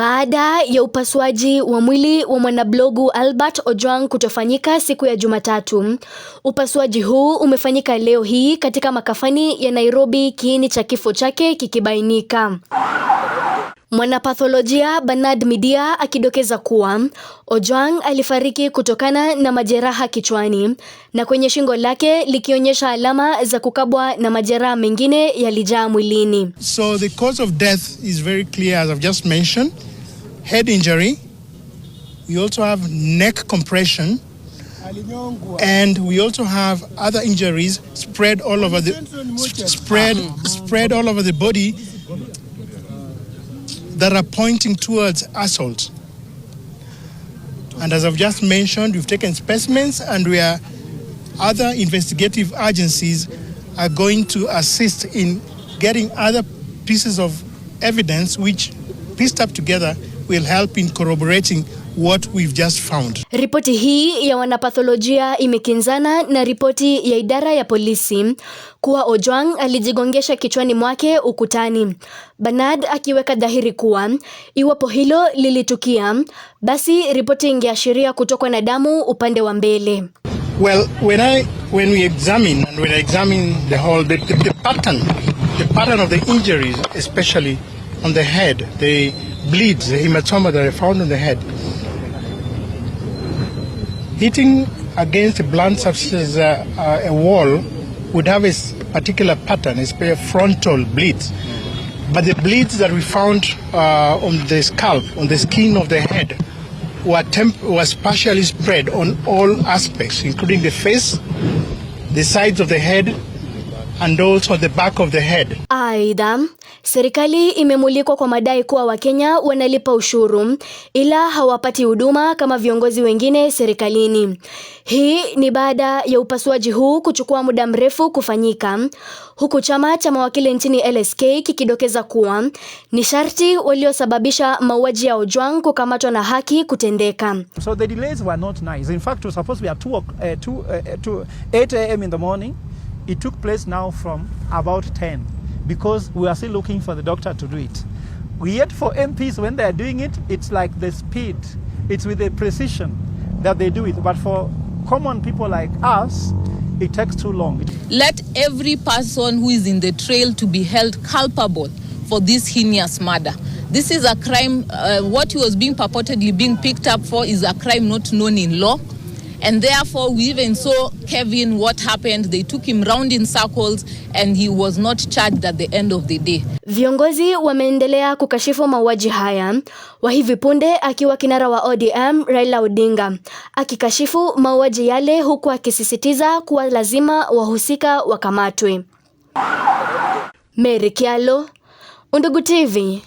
Baada ya upasuaji wa mwili wa mwanablogu Albert Ojwang kutofanyika siku ya Jumatatu, upasuaji huu umefanyika leo hii katika makafani ya Nairobi, kiini cha kifo chake kikibainika. Mwanapatholojia Bernard Midia akidokeza kuwa Ojwang alifariki kutokana na majeraha kichwani na kwenye shingo lake likionyesha alama za kukabwa na majeraha mengine yalijaa mwilini. So the cause of death is very clear as I've just mentioned. head injury. We also have neck compression. And we also have other injuries spread all over the spread spread all over the body that are pointing towards assault. And as I've just mentioned, we've taken specimens and we are other investigative agencies are going to assist in getting other pieces of evidence which pieced up together will help in corroborating what we've just found. Ripoti hii ya wanapatholojia imekinzana na ripoti ya idara ya polisi kuwa Ojwang alijigongesha kichwani mwake ukutani. Bernard akiweka dhahiri kuwa iwapo hilo lilitukia, basi ripoti ingeashiria kutokwa na damu upande wa mbele. Well, when I when we examine and when I examine the whole the, the, the pattern the pattern of the injuries especially on the head they bleeds, the hematoma that I found on the head. Hitting against a blunt substance, uh, uh, a wall, would have a particular pattern, it's a frontal bleed. But the bleeds that we found uh, on the scalp, on the skin of the head, were was partially spread on all aspects, including the face, the sides of the head, and also the back of the head. Aidha, Serikali imemulikwa kwa madai kuwa Wakenya wanalipa ushuru ila hawapati huduma kama viongozi wengine serikalini. Hii ni baada ya upasuaji huu kuchukua muda mrefu kufanyika, huku chama cha mawakili nchini LSK kikidokeza kuwa ni sharti waliosababisha mauaji ya Ojwang kukamatwa na haki kutendeka. So the delays were not nice. In fact, it was supposed to be at 2, uh, 2, uh, 8 a.m. in the morning. It took place now from about 10. because we are still looking for the doctor to do it. Yet for MPs, when they are doing it, it's like the speed, it's with the precision that they do it. But for common people like us, it takes too long. Let every person who is in the trail to be held culpable for this heinous murder. This is a crime, uh, what he was being purportedly being picked up for is a crime not known in law. And therefore, we even saw Kevin what happened. They took him round in circles and he was not charged at the end of the day. Viongozi wameendelea kukashifu mauaji haya, wa hivi punde akiwa kinara wa ODM Raila Odinga akikashifu mauaji yale, huku akisisitiza kuwa lazima wahusika wakamatwe. Mary Kialo, Undugu TV.